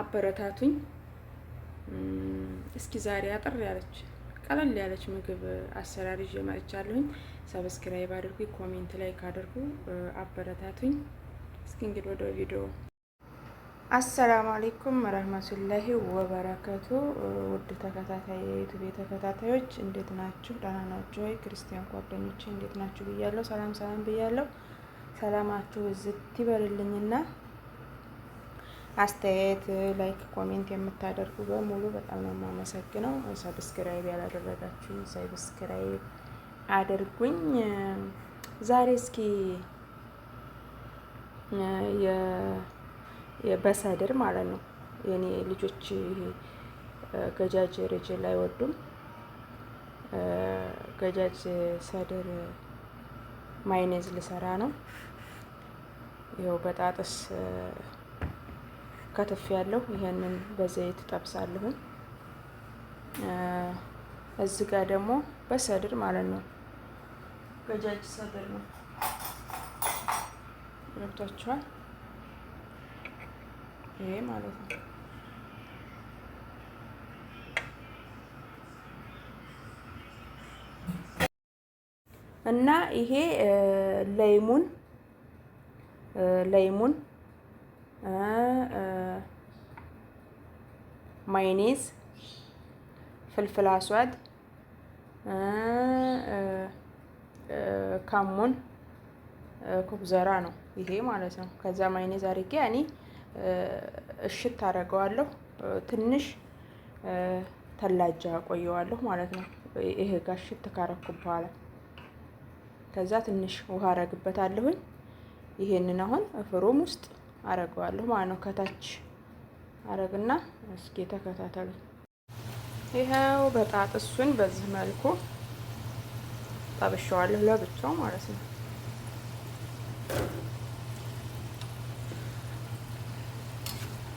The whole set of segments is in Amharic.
አበረታቱኝ። እስኪ ዛሬ አጠር ያለች ቀለል ያለች ምግብ አሰራር ይዤ መጥቻለሁኝ። ሰብስክራይብ አድርጉ፣ ኮሜንት ላይ ካደርጉ አበረታቱኝ። እስኪ እንግዲህ ወደ ቪዲዮ። አሰላሙ አሌይኩም ረህመቱላሂ ወበረከቱ። ውድ ተከታታይ የዩቱብ ተከታታዮች እንዴት ናችሁ? ደህና ናችሁ ወይ? ክርስቲያን ጓደኞች እንዴት ናችሁ ብያለሁ። ሰላም ሰላም ብያለሁ። ሰላማችሁ ዝት ይበልልኝና አስተያየት፣ ላይክ፣ ኮሜንት የምታደርጉ በሙሉ በጣም ነው የማመሰግነው። ሰብስክራይብ ያላደረጋችሁ ሰብስክራይብ አድርጉኝ። ዛሬ እስኪ በሰድር ማለት ነው የኔ ልጆች ገጃጅ ላይ አይወዱም። ገጃጅ ሰድር ማይኔዝ ልሰራ ነው። ይኸው በጣጥስ ከትፍ ያለው ይሄንን በዘይት ጠብሳለሁኝ። እዚህ ጋር ደግሞ በሰድር ማለት ነው፣ በጃጅ ሰድር ነው ገብቷችኋል። ይሄ ማለት ነው። እና ይሄ ለይሙን ለይሙን ማይኔዝ፣ ፍልፍል አስዋድ፣ ካሞን፣ ኩብዘራ ነው ይሄ ማለት ነው። ከዛ ማይኔዝ አድርጌ ያኔ እሽት አደርገዋለሁ ትንሽ ተላጃ ቆየዋለሁ ማለት ነው። ይሄ ጋር እሽት ካረኩ በኋላ ከዛ ትንሽ ውሃ አረግበታለሁኝ። ይሄንን አሁን ፍሩም ውስጥ አረገዋለሁ ማለት ነው። ከታች አረግና እስኪ ተከታተሉ። ይኸው በጣጥሱን በዚህ መልኩ ጠብሸዋለሁ ለብቻው ማለት ነው።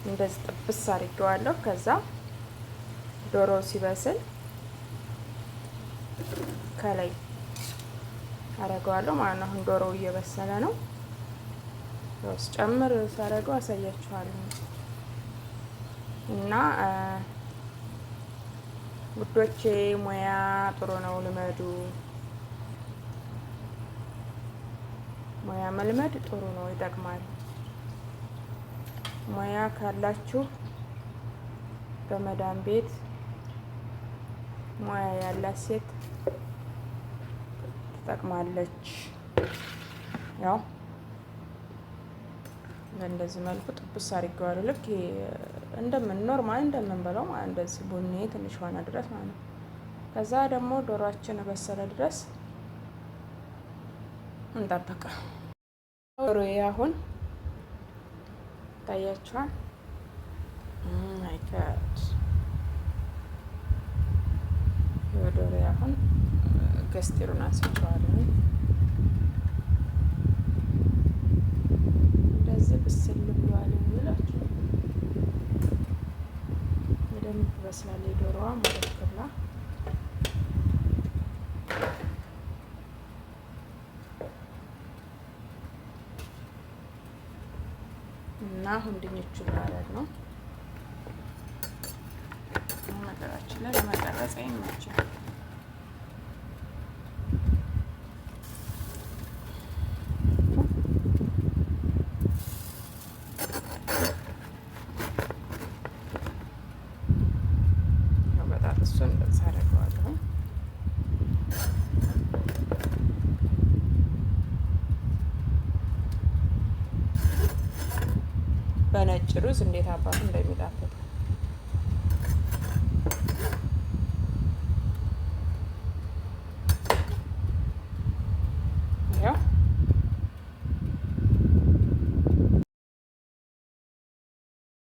እንደዚህ ጥብስ አድርጌዋለሁ። ከዛ ዶሮ ሲበስል ከላይ አደርገዋለሁ ማለት ነው። አሁን ዶሮው እየበሰለ ነው። ጨምር ሳረገው አሳያችኋለሁ እና ውዶቼ ሙያ ጥሩ ነው፣ ልመዱ። ሙያ መልመድ ጥሩ ነው፣ ይጠቅማል። ሙያ ካላችሁ በመዳን ቤት ሙያ ያላት ሴት ትጠቅማለች ያው በእንደዚህ መልኩ ጥብስ አድርጌዋለሁ። ልክ እንደምን ኖርማል እንደምንበለው እንደዚህ ቡኒ ትንሽ ሆነ ድረስ ማለት ነው። ከዛ ደግሞ ዶሯችን በሰለ ድረስ እንጠብቀ። ዶሮ አሁን ይታያችኋል። አይከድ ዶሮዬ አሁን ገስቴሩን አንስቸዋለን። ብስል ብለዋል የሚላችሁ በደንብ በስላለ ዶሮዋ እና አሁን ማለት ነው። ነገራችን ላይ ለመቀረጽ አይመችም። በነጭ ሩዝ እንዴት አባቱ እንደሚጣፍጥ